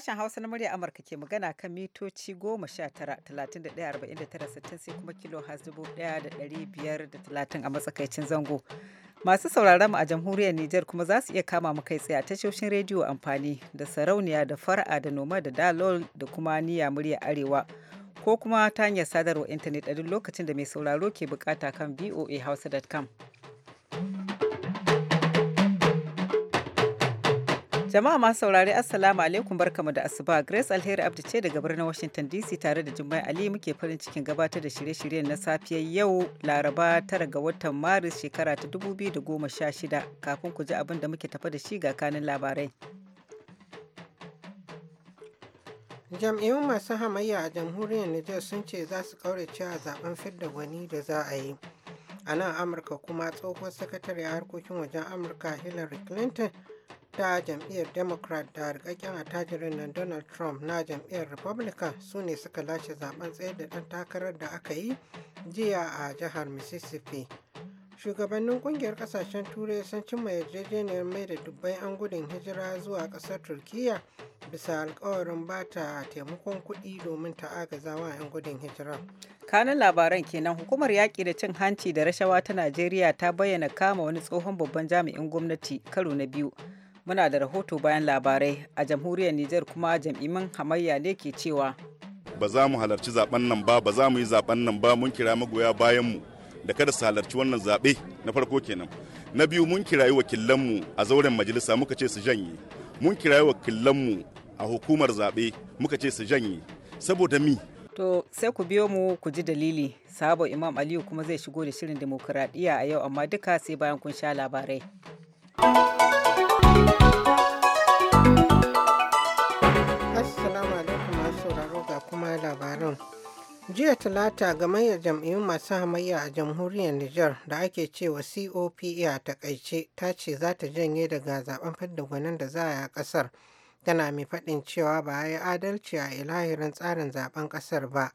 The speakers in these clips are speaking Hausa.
Sashen Hausa na murya Amurka ke magana kan mitoci goma sittin sai kuma kilo has 1,530 a matsakaicin zango. Masu sauraron mu a jamhuriyar Nijar kuma za su iya kama mu kai tsaye a tashoshin rediyo amfani da sarauniya da fara'a da noma da dalol da kuma niya murya arewa ko kuma ta hanyar sadarwa intanet a duk lokacin da mai sauraro ke bukata kan voahausa.com. Jama'a masu saurari Assalamu alaikum barkamu da asuba Grace Alheri Abdi ce daga birnin Washington DC tare da Jummai Ali muke farin cikin gabatar da shirye-shiryen na safiyar yau Laraba tara ga watan Maris shekara ta 2016 kafin ku ji abin da muke tafa da shi ga kanin labarai. Jam'iyyun masu hamayya a jamhuriyar Nijar sun ce za su kaurace a zaben fidda gwani da za a yi. A nan Amurka kuma tsohuwar a harkokin wajen Amurka Hillary Clinton ta jam'iyyar democrat da rikakken attajirin nan donald trump na jam'iyyar republican su ne suka lashe zaben tsaye da ɗan takarar da aka yi jiya a jihar mississippi shugabannin kungiyar kasashen turai sun cimma yarjejeniyar mai da dubbai an gudun hijira zuwa kasar turkiya bisa alkawarin ta taimakon kuɗi domin ta agazawa 'yan gudun hijira kanan labaran kenan hukumar yaƙi da cin hanci da rashawa ta najeriya ta bayyana kama wani tsohon babban jami'in gwamnati karo na biyu muna da rahoto bayan labarai a jamhuriyar Nijar kuma jam'imin hamayya ne ke cewa ba za mu halarci zaben nan ba ba za mu yi zaben nan ba mun kira magoya bayan mu da kada su halarci wannan zaɓe na farko kenan na biyu mun kirayi wakilanmu a zauren majalisa muka ce su janye mun kirayi wakilanmu a hukumar zaɓe muka ce su janye saboda mi To sai ku biyo mu ku ji dalili. Sabo Imam Aliyu kuma zai shigo da shirin demokuraɗiyya a yau amma duka sai bayan kun sha labarai. jiya talata ga gamayyar jam'iyyun masu hamayya a jamhuriyar Nijar da ake cewa copa a takaice ta ce za ta janye daga zaben fidda gwanin da za a yi a kasar tana mai faɗin cewa ba a yi adalci a ilahirin tsarin zaben kasar ba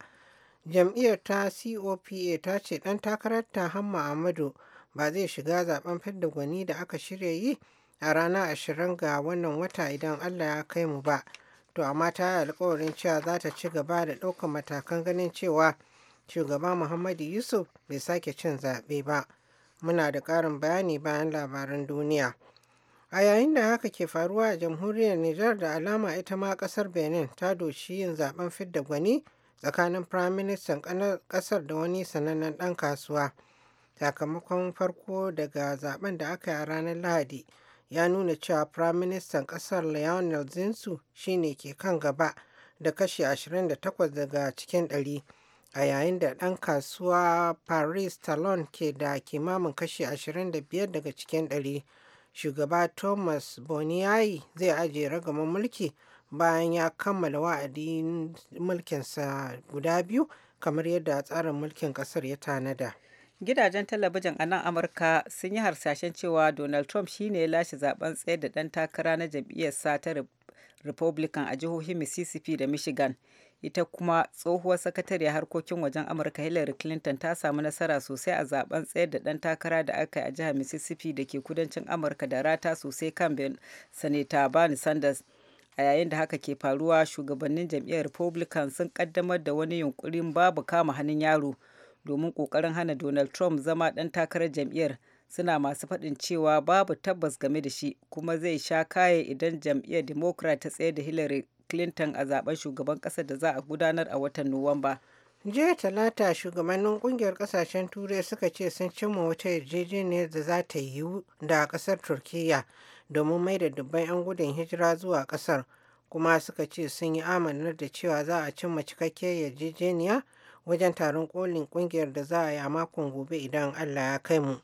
jam'iyyar ta copa ta ce ɗan takarar ta hamma Ahmadu ba zai shiga zaben fidda gwani da aka shirya yi a ranar ashirin ga wannan wata idan allah ya kai mu ba to amma ta yi alkawarin cewa za ta ci gaba da ɗaukar matakan ganin cewa shugaba muhammadu yusuf bai sake cin zaɓe ba muna da ƙarin bayani bayan labaran duniya a yayin da haka ke faruwa a jamhuriyar nijar da alama ita ma ƙasar benin ta doshi yin zaben fidda gwani tsakanin firaministan ƙasar da wani sanannen ɗan kasuwa sakamakon farko daga zaben da aka yi a ranar lahadi ya nuna cewa Firaministan ƙasar Lionel Zinsu shine ke kan gaba da kashi 28 daga cikin 100 a yayin da ɗan kasuwa Paris Talon ke da kimamin kashi 25 daga cikin ɗari. Shugaba Thomas Boniayi zai ajiye ragaman mulki bayan ya kammala wa'adin mulkinsa guda biyu kamar yadda tsarin mulkin ƙasar ya tanada. gidajen talabijin a nan amurka sun yi harsashen cewa donald trump shine ya lashe zaben tsayar da dan takara na jam'iyyarsa ta republican a jihohin mississippi da michigan ita kuma tsohuwar sakatare harkokin wajen amurka hillary clinton ta samu nasara sosai a zaben tsayar da dan takara da aka yi a jihar mississippi da ke kudancin amurka da rata sosai kan sanata bernie sanders a yayin da haka ke faruwa shugabannin jam'iyyar republican sun kaddamar da wani yunkurin babu kama hannun yaro domin ƙoƙarin hana Donald Trump zama ɗan takarar jam'iyyar suna masu faɗin cewa babu tabbas game da shi kuma zai sha kaye idan jam'iyyar Democrat ta tsaye da Hillary Clinton a zaben shugaban ƙasar da za a gudanar a watan Nuwamba. jiya talata shugabannin kungiyar kasashen turai suka ce sun cimma wata yarjejeniyar da za ta yiwu da kasar turkiyya domin mai da dubban 'yan gudun hijira zuwa kasar kuma suka ce sun yi amanar da cewa za a cimma cikakkiyar yarjejeniya wajen taron kolin kungiyar da za a yi a makon gobe idan Allah ya kai mu.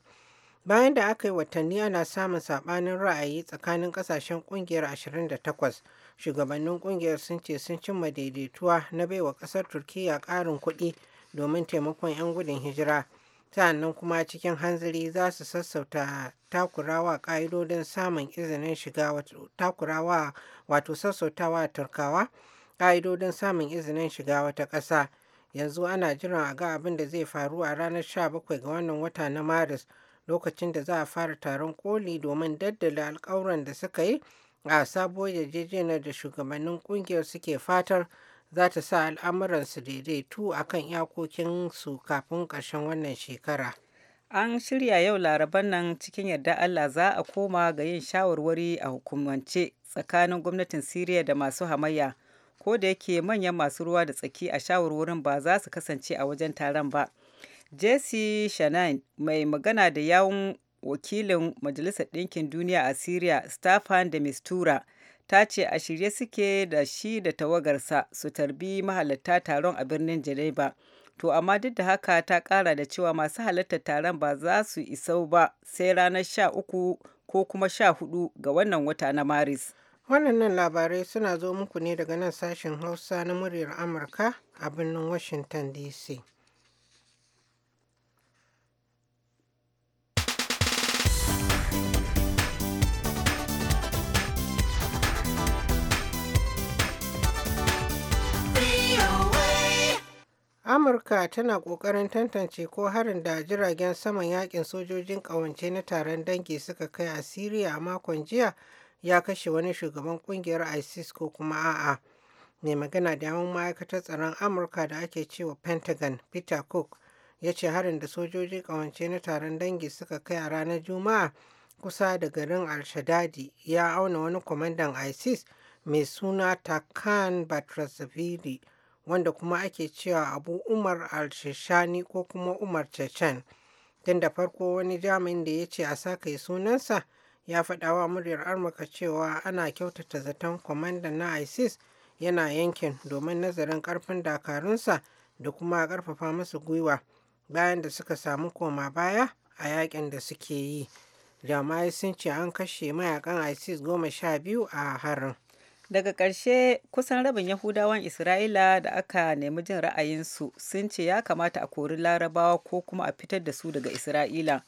Bayan da aka yi watanni ana samun saɓanin ra'ayi tsakanin ƙasashen ƙungiyar 28, shugabannin ƙungiyar sun ce sun cimma daidaituwa na baiwa ƙasar Turkiyya ƙarin kuɗi domin taimakon 'yan gudun hijira. Sannan kuma cikin hanzari za su sassauta takurawa ƙa'idodin samun izinin shiga takurawa wato sassautawa Turkawa ƙa'idodin samun izinin shiga wata ƙasa. yanzu ana jiran a ga abin da zai faru a ranar 17 ga wannan wata na maris lokacin da za a fara taron koli domin daddala alkawuran da suka yi a sabuwar yarjejeniyar da shugabannin kungiyar suke fatar za ta sa al'amuran su daidaitu a kan iyakokinsu kafin ƙarshen wannan shekara. An shirya yau laraban nan cikin yadda Allah za a koma ga yin shawarwari a hukumance tsakanin gwamnatin Siriya da masu hamayya ko da yake manyan masu ruwa da tsaki a shawarwarin ba za su kasance a wajen taron ba jesse shanine mai magana da yawun wakilin majalisar ɗinkin duniya a syria staffan de mistura ta ce a shirye suke da shi da tawagarsa su tarbi mahalarta taron a birnin geneva to amma duk da haka ta kara da cewa masu halartar taron ba za su isau ba sai ranar sha uku ko kuma sha hudu ga wannan wata na maris Waɗannan labarai suna zo muku ne daga nan sashen Hausa na muryar Amurka a birnin Washington DC. Amurka tana ƙoƙarin tantance ko harin da jiragen saman yakin sojojin ƙawance na taron dangi suka kai a Siriya a makon jiya ya kashe wani shugaban kungiyar isis ko kuma a'a mai magana da yawan ma'aikatar tsaron amurka da ake cewa pentagon peter cook ya ce harin da sojoji kawance na taron dangi suka kai a ranar juma'a kusa da garin alshadadi ya auna wani kwamandan isis mai suna takan batrasavili wanda kuma ake cewa abu umar al ko kuma umar chechen tun da farko wani jami'in da ya ce a saka sunansa ya faɗawa muryar amurka cewa ana kyautata zaton kwamandan na isis yana yankin domin nazarin karfin dakarunsa da kuma karfafa masu gwiwa bayan da suka samu koma baya a yakin da suke yi jama'ai sun ce an kashe mayakan isis goma sha biyu a harin daga ƙarshe kusan rabin yahudawan isra'ila da aka nemi jin ra'ayinsu sun ce ya kamata a kori larabawa ko kuma a fitar da su daga isra'ila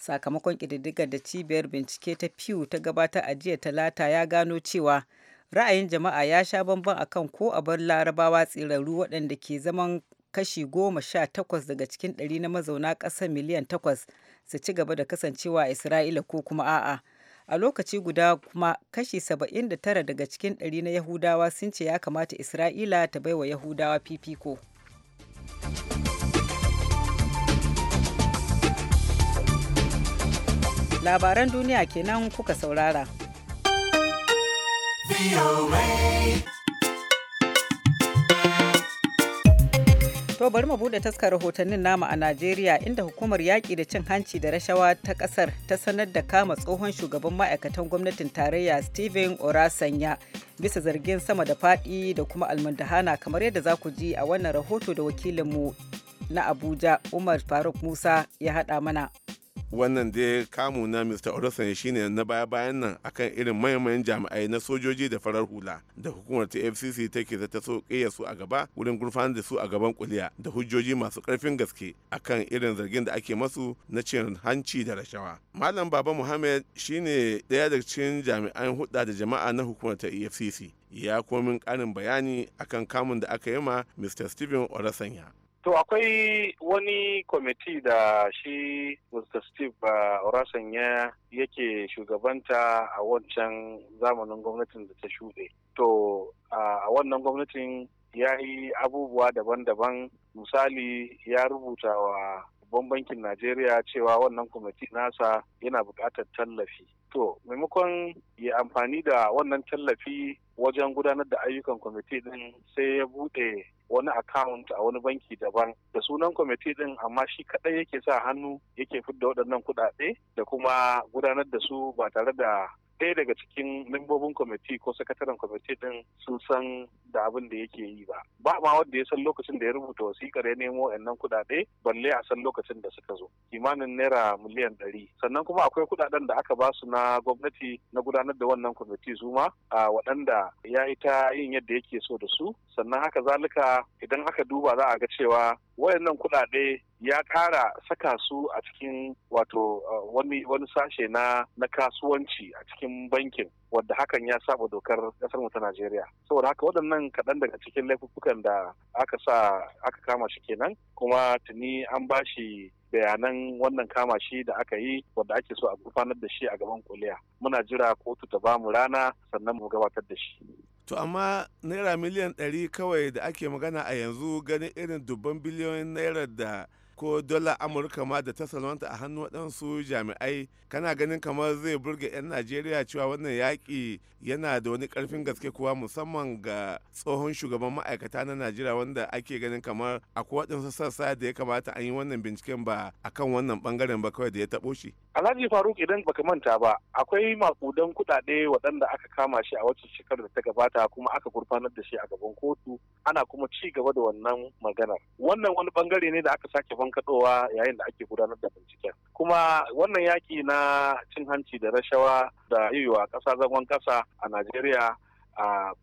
sakamakon ƙididdigar da cibiyar bincike ta pew ta gabatar a jiya talata ya gano cewa ra'ayin jama'a ya sha bamban akan ko a bar larabawa tsirarru waɗanda ke zaman kashi goma sha takwas daga cikin ɗari na mazauna ƙasar miliyan takwas su ci gaba da kasancewa isra'ila ko kuma a'a a lokaci guda kuma kashi saba'in da tara daga cikin ɗari na yahudawa sun ce ya kamata isra'ila ta baiwa yahudawa fifiko labaran duniya kenan kuka saurara To bari mu bude taskar rahotannin nama a Najeriya inda hukumar yaƙi da cin hanci da rashawa ta ƙasar ta sanar da kama tsohon shugaban ma'aikatan gwamnatin tarayya steven Orasanya bisa zargin sama da faɗi da kuma almundahana kamar yadda za ku ji a wannan rahoto da wakilinmu na Abuja Umar Faruk Musa ya haɗa mana. wannan da ya kamu na mr orosan shine na baya bayan nan akan irin mayan jami'ai na sojoji da farar hula da hukumar ta fcc take ta so su a gaba wurin gurfanar da su a gaban kuliya da hujjoji masu karfin gaske akan irin zargin da ake masu na cin hanci da rashawa malam baba muhammad shine daya daga cikin jami'an hudda da jama'a na hukumar ta fcc ya komin karin bayani akan kamun da aka yi ma mr stephen orasanya To akwai wani kwamiti da shi Mr. Steve uh, Orasan ya yake shugabanta a wancan zamanin gwamnatin da ta shuɗe. To uh, a wannan gwamnatin ya yi abubuwa daban-daban misali ya rubuta wa babban bankin Najeriya cewa wannan kwamiti nasa yana buƙatar tallafi. To maimakon ya amfani da wannan tallafi wajen gudanar da ayyukan kwamiti din sai ya buɗe wani account a wani banki daban da sunan kwamiti din amma shi kadai yake sa hannu yake fidda waɗannan kuɗaɗe da kuma gudanar da su ba tare da ɗaya daga cikin membobin kwamiti ko sakataren kwamiti din sun san da abin da yake yi ba ba ma wanda ya san lokacin da ya rubuta wasikar ya nemo wayannan kuɗaɗe balle a san lokacin da suka zo kimanin naira miliyan ɗari sannan kuma akwai kuɗaɗen da aka ba su na gwamnati na gudanar da wannan kwamiti su ma a waɗanda ya yi ta yin yadda yake so da su sannan haka zalika idan aka duba za a ga cewa wayannan kuɗaɗe ya kara saka su a cikin wato uh, wani sashe na na kasuwanci a cikin bankin wadda hakan ya saba dokar kasar ta Najeriya saboda haka waɗannan kaɗan daga cikin laifukan da aka sa aka kama shi kenan kuma tuni an bashi bayanan wannan kama shi da aka yi wadda ake so a gurfanar da shi a gaban kuliya muna jira kotu ta bamu rana sannan mu gabatar da shi to amma naira miliyan ɗari kawai da ake magana a yanzu ganin irin dubban biliyoyin naira da ko dala amurka ma da ta salwanta a hannu waɗansu jami'ai kana ganin kamar zai burge 'yan najeriya cewa wannan yaƙi yana da wani ƙarfin gaske kuwa musamman ga tsohon shugaban ma'aikata na najeriya wanda ake ganin kamar akwai waɗansu sassa da ya kamata an yi wannan binciken ba akan wannan ɓangaren ba kawai da ya taɓo shi alhaji faruk idan baka manta ba akwai makudan kuɗaɗe waɗanda aka kama shi a wacce shekarar da ta gabata kuma aka gurfanar da shi a gaban kotu ana kuma ci gaba da wannan maganar wannan wani ɓangare ne da aka sake ban bankaɗowa yayin da ake gudanar da binciken kuma wannan yaki na cin hanci da rashawa da yiwuwa ƙasa zagon ƙasa a najeriya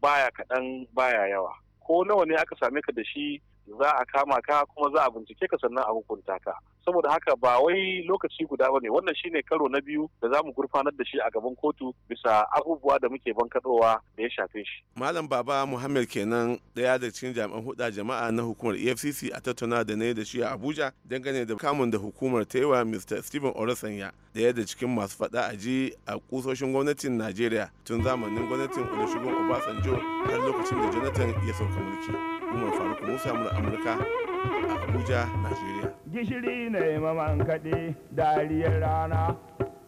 baya kaɗan baya yawa ko nawa ne aka same ka da shi za a kama ka kuma za a bincike ka sannan a hukunta ka saboda haka ba wai lokaci guda ba ne wannan shine karo na biyu da za mu gurfanar da shi a gaban kotu bisa abubuwa da muke bankaɗowa da ya shafe shi malam baba muhammad kenan daya da cikin jami'an huda jama'a na hukumar efcc a tattauna da ne da shi a abuja dangane da kamun da hukumar ta yi wa mr stephen orasanya daya da cikin masu fada a ji a kusoshin gwamnatin najeriya tun zamanin gwamnatin olusegun obasanjo har lokacin da jonathan ya sauka mulki umar faruk musa mura amurka a abuja najeriya gishiri ne maman kaɗe dariyar rana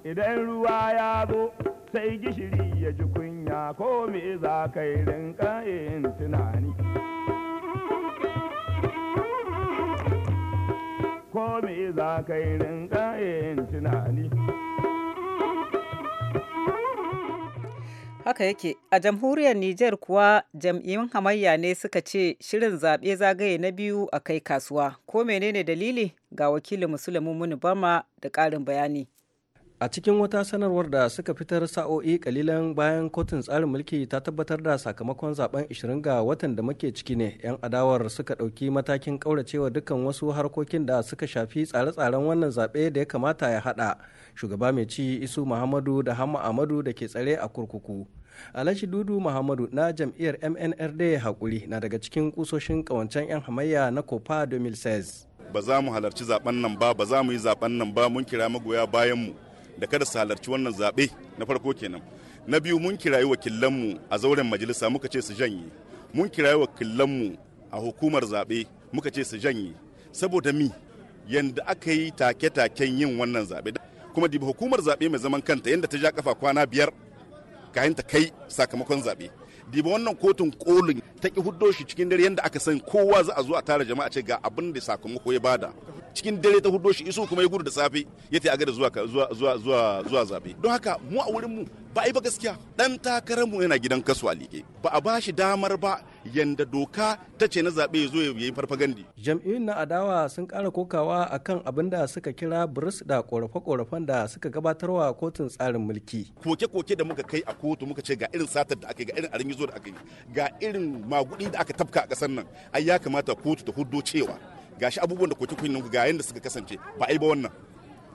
idan ruwa ya zo sai gishiri ya ji kunya ko me za ka yi rinka yin tunani ko me za ka yi rinka yin tunani. Haka yake, a jamhuriyar Nijar kuwa jam'iyyun hamayya ne suka ce shirin zaɓe zagaye na biyu a kai kasuwa. Ko menene dalili ga wakilin musulmi Muni Bama da ƙarin bayani. a cikin wata sanarwar da suka fitar sa'o'i kalilan bayan kotun tsarin mulki ta tabbatar da sakamakon zaben 20 ga watan da muke ciki ne 'yan adawar suka ɗauki matakin kauracewa dukkan wasu harkokin da suka shafi tsare-tsaren wannan zaɓe da ya kamata ya haɗa shugaba mai ci isu muhammadu da hamma amadu da ke tsare a kurkuku alhaji dudu muhammadu na jam'iyyar mnrd hakuri na daga cikin kusoshin kawancen 'yan hamayya na copa 2016 ba za mu halarci zaben nan ba ba za mu yi zaben nan ba mun kira magoya bayan mu da kada su halarci wannan zaɓe na farko kenan na biyu mun kirayi wakilanmu a zauren majalisa muka ce su janye mun kirayi wakilanmu a hukumar zaɓe muka ce su janye saboda mi yanda aka yi take-taken yin wannan zaɓe kuma diba hukumar zaɓe mai zaman kanta yadda ta ja kafa kwana biyar kayan ta kai sakamakon zaɓe diba wannan kotun kolin ta ki huddo shi cikin dare yadda aka san kowa za a zo a tara jama'a ce ga abin da sakamako ya bada cikin dare ta huddo shi iso kuma ya gudu da safe ya ta agada zuwa zuwa zuwa zuwa zabe don haka mu a wurinmu mu ba a yi ba gaskiya ɗan takarar mu yana gidan kasuwa ba a ba shi damar ba yanda doka ta ce na zaɓe ya zo ya yi farfagandi. Jam'iyyun na adawa sun ƙara kokawa akan abin da suka kira buris da ƙorafe-ƙorafen da suka gabatarwa kotun tsarin mulki. Koke-koke da muka kai a kotu muka ce ga irin satar da aka yi ga irin arin da aka yi ga irin magudi da aka tafka a ƙasar nan ai ya kamata kotu ta huddo cewa gashi abubuwan da koke-koke nan ga yanda suka kasance ba yi ba wannan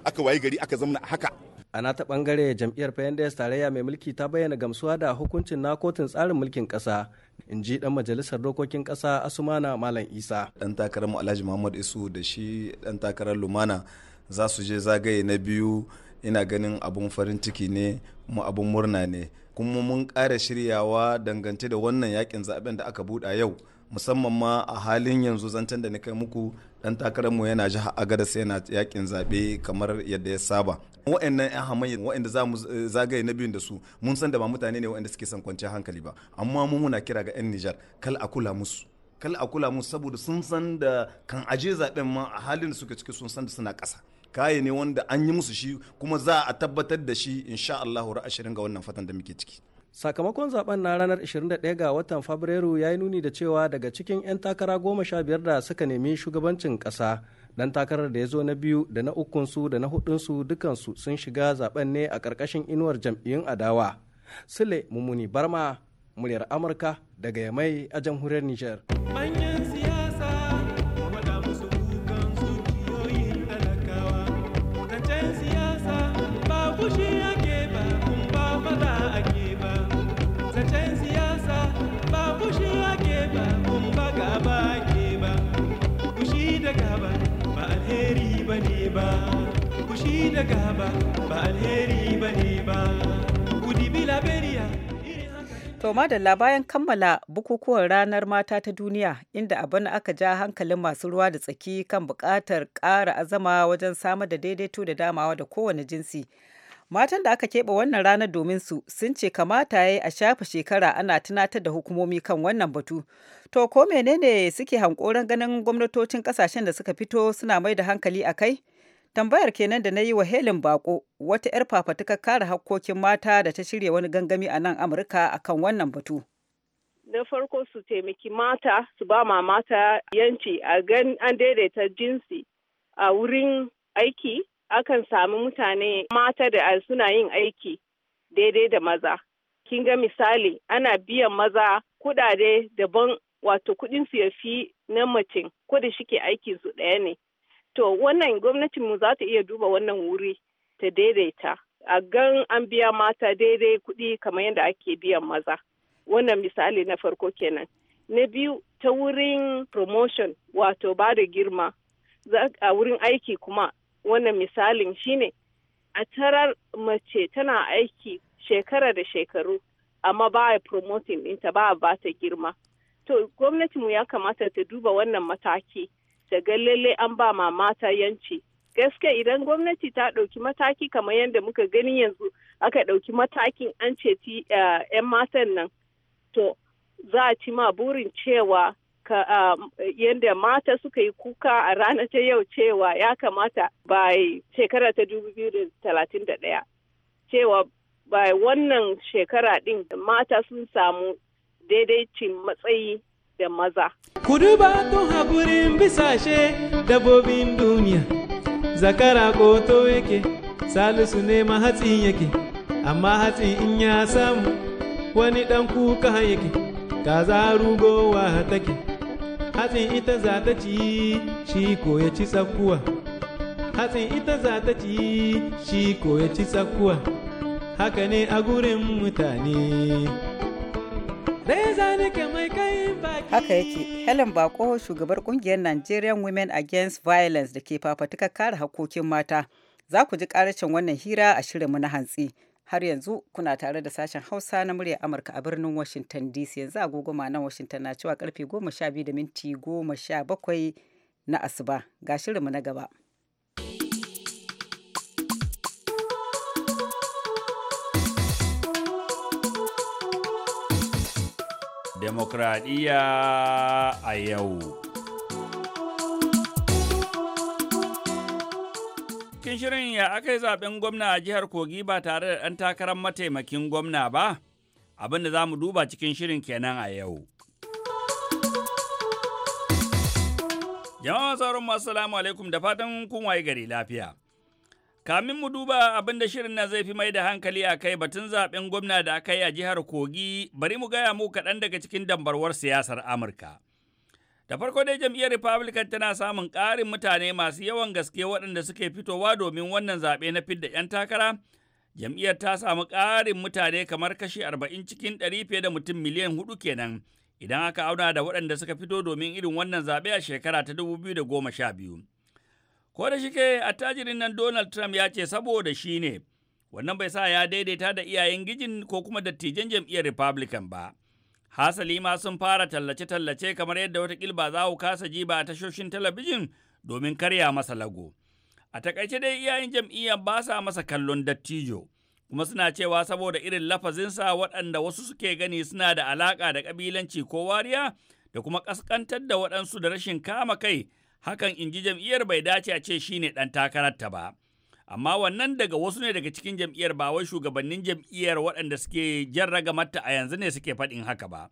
aka waye gari aka zamna haka a nata bangare jam'iyyar fayandes tarayya mai mulki ta bayyana gamsuwa da hukuncin na kotun tsarin mulkin ƙasa in ji dan majalisar dokokin kasa asumana malam isa dan takarar mu alhaji muhammad isu da shi dan takarar lumana za su je zagaye na biyu ina ganin abun farin ciki ne mu abun murna ne kuma mun ƙara shiryawa dangance da wannan yakin zaben da aka buɗa yau musamman ma a halin yanzu zancen da na kai muku dan mu yana jihar agadas yana yakin zaɓe kamar yadda ya saba wa'annan 'yan hamayya wa'anda za mu eh, zagaye na biyun da su mun san da ba mutane ne wa'anda suke son kwanciyar hankali ba amma mu muna kira ga 'yan nijar kal a kula musu kal a kula musu saboda sun san da kan aje zaɓen ma a halin da suke ciki sun san da suna ƙasa kaye ne wanda an yi musu shi kuma za a tabbatar da shi insha Allahu ra'ashirin ga wannan fatan da muke ciki sakamakon zaben na ranar 21 ga watan fabrairu ya yi nuni da cewa daga cikin 'yan takara goma sha biyar da suka nemi shugabancin ƙasa dan takarar da ya zo na biyu da na ukunsu da na hudunsu dukansu sun shiga zaben ne a ƙarƙashin inuwar jam'iyyun adawa sule mummuni barma muryar amurka daga yamai a jamhuriyar niger da gaba To madalla bayan kammala bukukuwan ranar mata ta duniya inda abin aka ja hankalin masu ruwa da tsaki kan bukatar ƙara azama wajen samar da daidaito da damawa da kowane jinsi. Matan da aka keɓe wannan ranar domin su sun ce kamata ya a shafa shekara ana tunatar da hukumomi kan wannan batu. To ko menene suke hankoran ganin gwamnatocin ƙasashen da suka fito suna mai da hankali a kai? Tambayar kenan da na yi wa Helen Bako, wata 'yar fafatukar kare hakkokin mata da ta shirya wani gangami a nan Amurka akan wannan batu. Na farko su taimaki mata, su ba ma mata yanci a gan an daidaita jinsi a wurin aiki, akan sami mutane mata da suna yin aiki daidai da maza. Kin ga misali, ana biyan maza kuɗaɗe daban wato kuɗin su ya fi na mace ko da shike aikin su ɗaya ne. to wannan mu za ta iya duba wannan wuri ta daidaita a gan an biya mata daidai kuɗi kamar yadda ake biyan maza wannan misali na farko kenan na biyu ta wurin promotion wato ba da girma a wurin aiki kuma wannan misalin shine a tarar mace tana aiki shekara da shekaru amma ba a promoting ɗinta ba a ba ta girma to gwamnatinmu ya kamata ta duba wannan mataki ga lalle an ba ma mata yanci gaske idan gwamnati ta ɗauki mataki kamar yadda muka gani yanzu aka ɗauki matakin an ceci 'yan eh, matan nan to za a ci ma burin cewa ah, yadda mata suka yi kuka a ranar ta yau cewa ya kamata Bai shekara ta 2031 cewa bai wannan shekara ɗin mata sun samu daidaicin matsayi da maza. kuduba tun haƙurin bisashe dabobin duniya zakara ko koto yake salisu ne ma hatsi yake amma hatsi in ya samu wani dan kuka yake kaza rugowa take hatsi ita za ta ci shi ko ya ci tsakuwa hatsi ita za ta ci shi ko ya ci tsakuwa haka ne a gurin mutane Haka yake, Helen Bako shugabar kungiyar Nigerian Women Against Violence da ke fafatukar kare hakokin mata. Za ku ji karacin wannan hira a shirinmu na hantsi. Har yanzu kuna tare da sashen Hausa na muryar Amurka a birnin Washington DC yanzu agogoma nan Washington na cewa karfe 12 da minti 17 na asuba. Ga shirinmu na gaba. Demokradiyya a yau. Cikin shirin ya aka yi zaɓen gwamna a jihar Kogi ba tare da ɗan takarar mataimakin gwamna ba? Abin da za mu duba cikin shirin kenan a yau. Jama'a sauran masu salamu alaikum da fatan kun waye gari lafiya. Kamin mu duba abin da shirin nan zai fi mai da hankali a kai batun zaɓen gwamna da aka yi a jihar Kogi, bari mu gaya mu kaɗan daga cikin dambarwar siyasar Amurka. Da farko dai jam'iyyar Republican tana samun ƙarin mutane masu yawan gaske waɗanda suke fitowa domin wannan zaɓe na fidda 'yan takara. Jam'iyyar ta samu ƙarin mutane kamar kashi arba'in cikin ɗari fiye da mutum miliyan hudu kenan, idan aka auna da waɗanda suka fito domin irin wannan zaɓe a shekara ta dubu biyu da goma sha biyu. Ko da shike attajirin nan Donald Trump ya ce saboda shi ne, wannan bai sa ya daidaita da iyayen gijin ko kuma dattijan jam'iyyar Republican ba. Hasali ma sun fara tallace-tallace kamar yadda wata ba za ku kasa ji ba a tashoshin talabijin domin karya masa lago. A takaice dai iyayen jam'iyyar ba sa masa kallon dattijo, kuma suna cewa saboda irin lafazinsa waɗanda wasu suke gani suna da alaƙa da ƙabilanci ko wariya da kuma ƙasƙantar da waɗansu da rashin kama kai hakan in ji jam'iyyar bai dace a ce shine ɗan takararta ba. Amma wannan daga wasu ne daga cikin jam'iyyar ba wai shugabannin jam'iyyar waɗanda suke jan ragamarta a yanzu ne suke faɗin haka ba.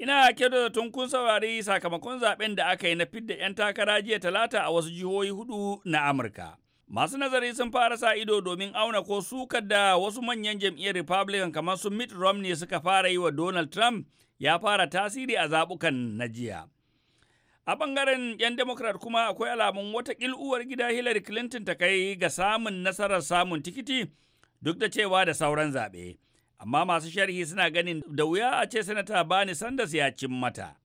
Ina da tun kun saurari sakamakon zaben da aka yi na fidda 'yan takara jiya talata a wasu jihohi hudu na Amurka. Masu nazari sun fara sa ido domin auna ko sukar da wasu manyan jam'iyyar Republican kamar su Mitt Romney suka fara yi wa Donald Trump ya fara tasiri a zaɓukan na jiya. A ɓangaren 'yan Democrat kuma akwai alamun wata uwar gida Hillary Clinton ta kai ga samun nasarar samun tikiti duk da cewa da sauran zaɓe. Amma masu sharhi suna ganin da wuya a ce Sanata Bani Sanders ya cin mata.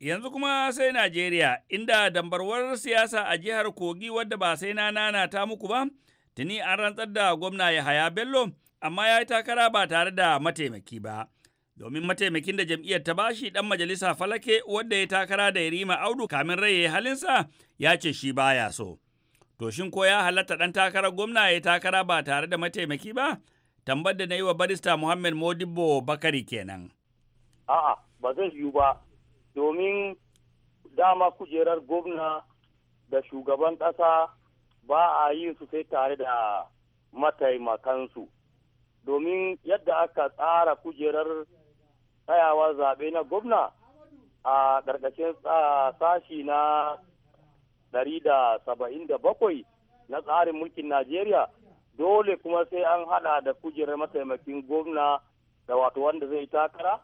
Yanzu kuma sai Najeriya, inda dambarwar siyasa a jihar Kogi wadda ba sai na nana ta muku ba, tuni an rantsar da gwamna Yahaya Bello, amma ya yi takara ba tare da mataimaki ba. domin mataimakin da jam'iyyar ta bashi dan majalisa falake wadda ya takara da yarima audu kamin rai ya halinsa ya ce shi baya so to shin ko ya halatta dan takarar gwamna ya takara ba tare da mataimaki ba tambar da na yi wa barista muhammad modibo bakari kenan a'a ba zai yiwu ba domin dama kujerar gwamna da shugaban ƙasa ba a yi su sai tare da mataimakansu domin yadda aka tsara kujerar tsayawa zaɓe na gwamna a ƙarƙashin sashi na 177 na tsarin mulkin Najeriya dole kuma sai an haɗa da kujerar mataimakin gwamna da wato wanda zai takara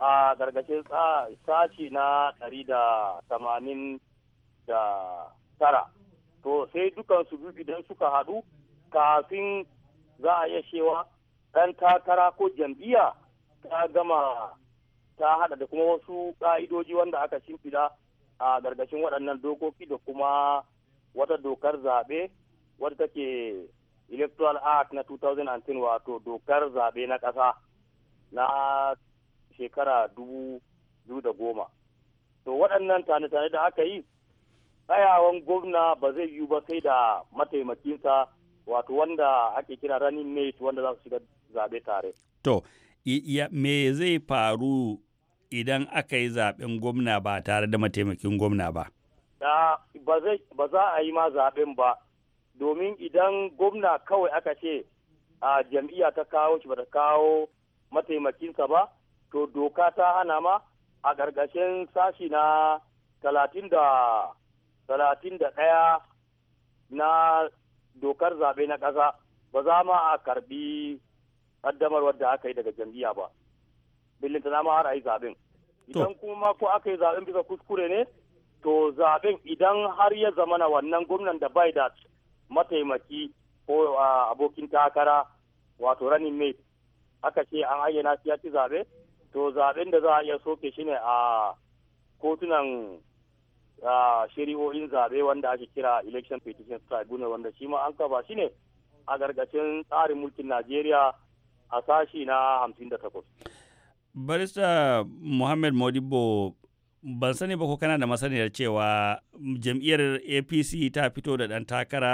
a ƙarƙashin sashi na ɗari da tamanin da tara to sai dukan su biyu idan suka haɗu kafin za a iya cewa ɗan takara ko jam'iyya ta gama ta hada da kuma wasu ka'idoji wanda aka shimfida a gargashin waɗannan dokoki da kuma wata dokar zaɓe wadda take electoral act na 2010 wato dokar zaɓe na ƙasa na shekara dubu da goma to waɗannan tane-tane da aka yi tsayawan gwamna ba zai yiwu ba sai da mataimakinsa wato wanda ake kira running mate wanda za su shiga zaɓe tare to me zai faru idan aka yi zaɓen gwamna ba tare da mataimakin gwamna ba? Ba za a yi ma zaɓen ba, domin idan gwamna kawai aka ce a jam'iyya ta kawo shi ba ta kawo mataimakinsa ba, to doka ta hana ma a gargashin sashi na talatin da ɗaya na dokar zaɓe na ƙasa ba za ma a karɓi kaddamar wadda aka yi daga jam'iyya ba billin ta har a yi zaɓen idan kuma ko aka yi zaɓen bisa kuskure ne to zaɓen idan har ya zama zamana wannan gwamnan da bai da mataimaki ko abokin takara wato ranin mate aka ce an ayyana shi ya ci zaɓe to zaɓen da za a iya soke shi ne a kotunan shari'o'in zaɓe wanda ake kira election petition tribunal wanda shi ma an kaba shi ne a gargashin tsarin mulkin najeriya a sashi na hamsin da takwas. barista muhammad modibo ban sani ba ko kana da masaniyar cewa jam'iyyar apc ta fito da ɗan takara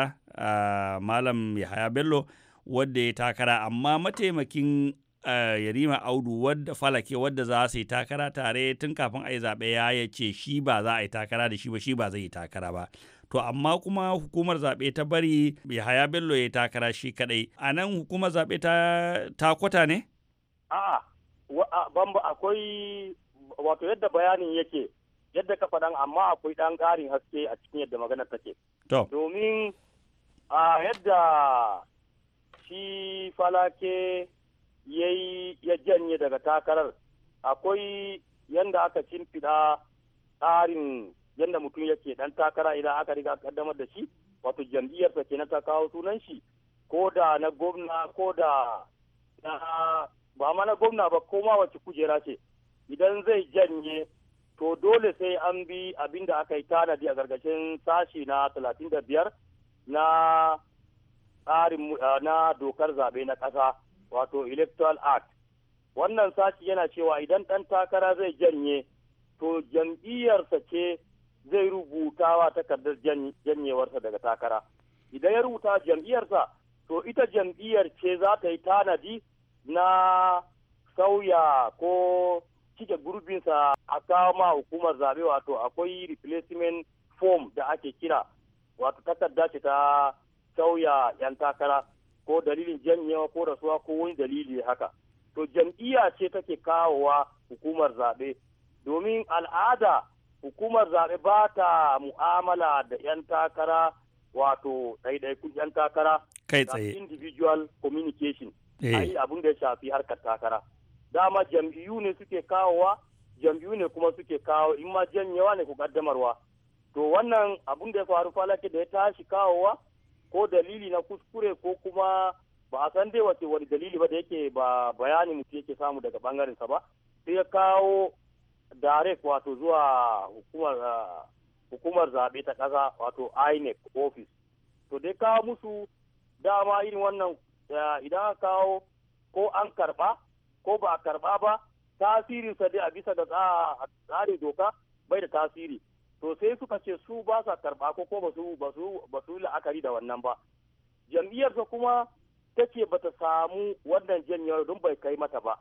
a malam yahaya bello wadda ya takara amma mataimakin yarima audu wadda falake wadda za su yi takara tare tun kafin a yi zaɓe ya ce shi ba za a yi takara da shi ba shi ba zai yi takara ba to amma kuma hukumar zaɓe ta bari Yahaya Bello ya takara shi kadai. a nan hukumar zaɓe ta kwata ne? A'a bamba akwai wato yadda bayanin yake yadda ka faɗan amma akwai ɗan ƙarin haske a cikin yadda maganar take. Domin a yadda shi falake ya ya janye daga takarar akwai yadda aka cimfiɗa tsarin yadda mutum yake dan takara idan aka riga kaddamar da shi wato jam'iyyar ta kenan ta kawo sunan shi ko da na gwamna ko da na ba ma na gwamna ba ko ma wace kujera ce idan zai janye to dole sai an bi abin da aka yi tanadi a gargashin sashi na talatin da biyar na tsarin ah, na dokar zaɓe na ƙasa wato electoral act wannan sashi yana cewa idan ɗan takara zai janye to jam'iyyarsa ce zai rubuta wa takardar janyewarsa daga takara idan ya rubuta jam'iyyarsa to ita jam'iyyar ce za ta yi tanadi na sauya ko cike gurbinsa a kawo ma hukumar zaɓe wato akwai replacement form da ake kira wato takarda ce ta sauya 'yan takara ko dalilin janyewa ko rasuwa ko wani dalili haka to jam'iyya ce take kawowa hukumar zaɓe domin al'ada hukumar zaɓe ba ta mu'amala da 'yan takara wato ɗaiɗaikun 'yan takara kai tsaye individual communication eh. a abin da ya shafi harkar takara dama jam'iyyu ne suke kawowa jam'iyyu ne kuma suke kawo in ma janyewa ne ku kaddamarwa to wannan abin da ya faru falake da ya tashi kawowa ko dalili na kuskure ko kuma ba a san dai wace wani dalili ba da yake ba bayanin mutum yake samu daga bangarensa ba sai ya kawo direct wato zuwa hukumar hukumar zaɓe ta ƙasa wato INEC office to dai kawo musu dama irin wannan eh, idan aka kawo ko an karɓa ko ba a karɓa ba sa dai a bisa da tsarin doka bai da tasiri to sai suka ce su ba sa karɓa ko ko ba su la'akari da wannan ba jam'iyyarsa kuma ta bata samu wannan janyar don bai kai mata ba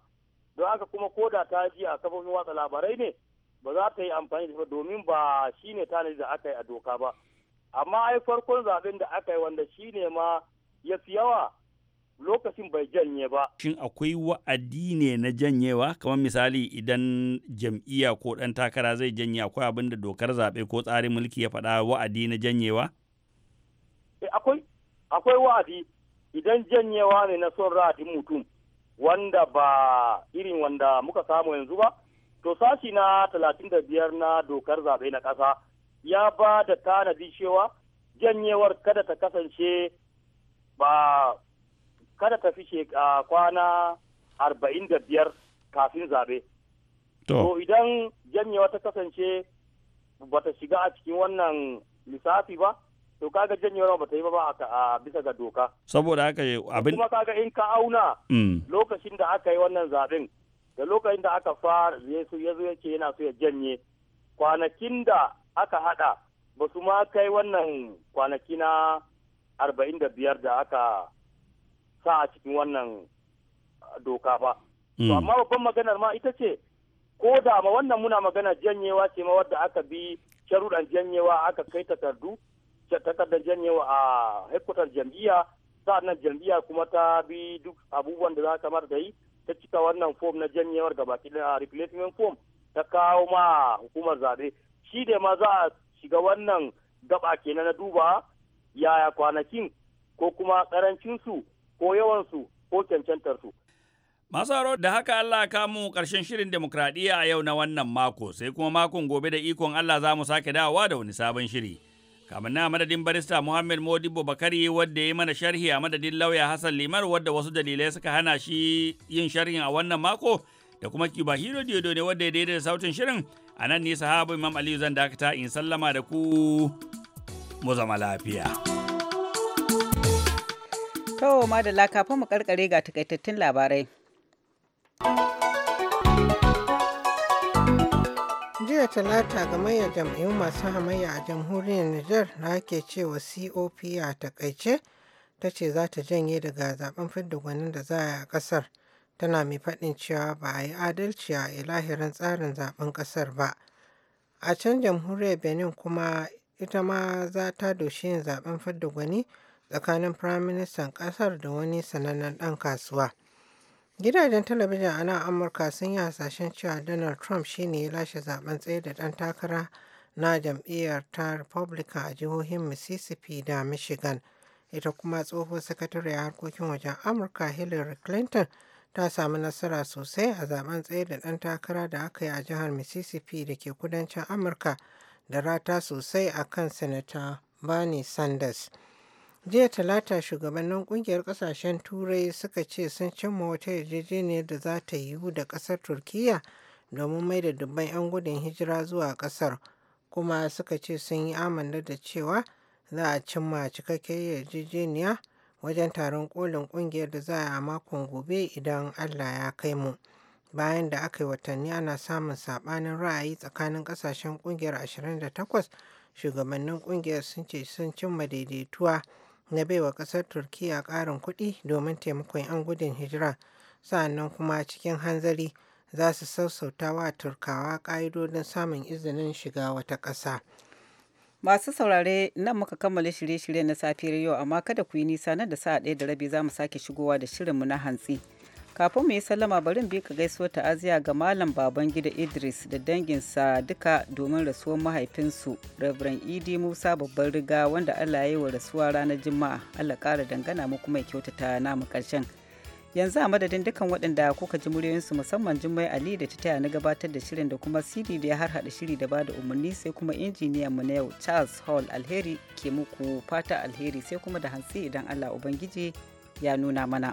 don haka kuma koda da ta ji a kafofin watsa labarai ne ba za ta yi amfani da domin ba shi ne tanadi da aka yi a doka ba amma ai farkon zaben da aka yi wanda shi ne ma ya fi yawa lokacin bai janye ba. Shin akwai wa'adi ne na janyewa kamar misali idan jam'iyya ko ɗan takara zai janye akwai abin da dokar zaɓe ko tsarin mulki ya faɗa wa'adi na janyewa? Eh, akwai wa'adi idan janyewa ne na son ra'adin mutum wanda ba irin wanda muka samu yanzu ba to sashi na talatin da biyar na dokar zaɓe na ƙasa ya ba da tanadi cewa janyewar kada ta kasance ba kada ta fi kwana arba'in da biyar kafin zaɓe. To idan janyewa ta kasance ba ta shiga a cikin wannan lissafi ba, to kaga janyewa ba ta yi ba a bisa ga doka saboda haka abin kuma kaga in ka auna mm. lokacin da aka yi wannan zaben da lokacin da aka fara yesu zo yake yana so ya janye kwanakin da aka hada ba su ma kai wannan kwanaki na arba'in da biyar da aka sa a cikin wannan doka ba to mm. amma babban maganar ma ita ce ko da ma wannan muna magana janyewa ce ma wadda aka bi sharuɗan janyewa aka kai takardu takardar janyewa a headquarter jam'iyya sa'annan jam'iyya kuma ta bi duk abubuwan da za kamar da yi ta cika wannan fom na janyewar gabaki a replacement fom ta kawo ma hukumar zaɓe shi da ma za a shiga wannan gaba kenan na duba yaya kwanakin ko kuma karancinsu ko yawansu ko cancantarsu. Masu haro da haka Allah kamu ƙarshen shirin demokradiyya a yau na wannan mako sai kuma makon gobe da ikon Allah za mu sake dawowa da wani sabon shiri. kamar na madadin barista Muhammad Modibo Bakari wadda ya mana sharhi a madadin lauya Hassan Limar wadda wasu dalilai suka hana shi yin sharhin a wannan mako da kuma kiba Hero Diodo ne wadda ya daidaita sautin shirin a nan ne sahabu Imam Aliyu zan dakata in sallama da ku mu zama lafiya. To madalla kafin mu karkare ga takaitattun labarai. jiya talata gamayyar jam'iyyun masu hamayya a jamhuriyar niger na ake cewa cop a takaice ta ce za ta janye daga zaben fidda gwanin da za a yi a kasar tana mai faɗin cewa ba a yi adalci a ilahirin tsarin zaben kasar ba a can jamhuriyar benin kuma ita ma za ta doshi yin zaben fidda gwani tsakanin firaministan kasar da wani sanannen ɗan kasuwa Gidajen talabijin a nan Amurka sun yi hasashen cewa Donald Trump shi ne ya lashe zaben tsaye da ɗan takara na jam'iyyar ta Republican a jihohin Mississippi da Michigan. Ita kuma tsohuwar sakatare harkokin wajen Amurka Hillary Clinton ta samu nasara sosai a zaben tsaye da ɗan takara da aka yi a jihar Mississippi da ke kudancin Amurka da rata sosai a kan Sanata Bernie Sanders. jiya talata shugabannin kungiyar kasashen turai suka ce sun cimma wata yarjejeniyar da za ta yiwu da kasar turkiya domin mai da dubban 'yan gudun hijira zuwa kasar kuma suka ce sun yi amanda da cewa za a cimma cikakken yarjejeniya wajen taron kolin kungiyar da za a makon gobe idan allah ya kai mu bayan da aka yi watanni ana samun sabanin ra'ayi tsakanin kasashen kungiyar 28 shugabannin kungiyar sun ce sun cimma daidaituwa na baiwa ƙasar Turkiyya karin kuɗi domin taimakon 'yan gudun hijira, sa'annan kuma cikin hanzari za su sassauta wa Turkawa ƙa'idodin samun izinin shiga wata ƙasa. Masu saurare nan muka kammala shirye-shirye na safiyar yau amma kada ku yi nisa nan da sa'a ɗaya da rabi za mu sake shigowa da shirinmu na hantsi. kafin mu yi sallama barin bi ka ta ta'aziya ga malam baban gida idris da danginsa duka domin rasuwar mahaifinsu reverend idi e musa babban riga wanda allah ya yi wa rasuwa ranar juma'a allah kara dangana mu kuma ya kyautata namu karshen yanzu a madadin dukkan waɗanda kuka ji muryoyinsu musamman jummai ali da ta taya na gabatar da shirin da kuma cd da ya har haɗa shiri da ba da umarni sai kuma injiniyan mu na yau charles hall alheri ke muku fata alheri sai kuma da hantsi idan allah ubangiji ya nuna mana.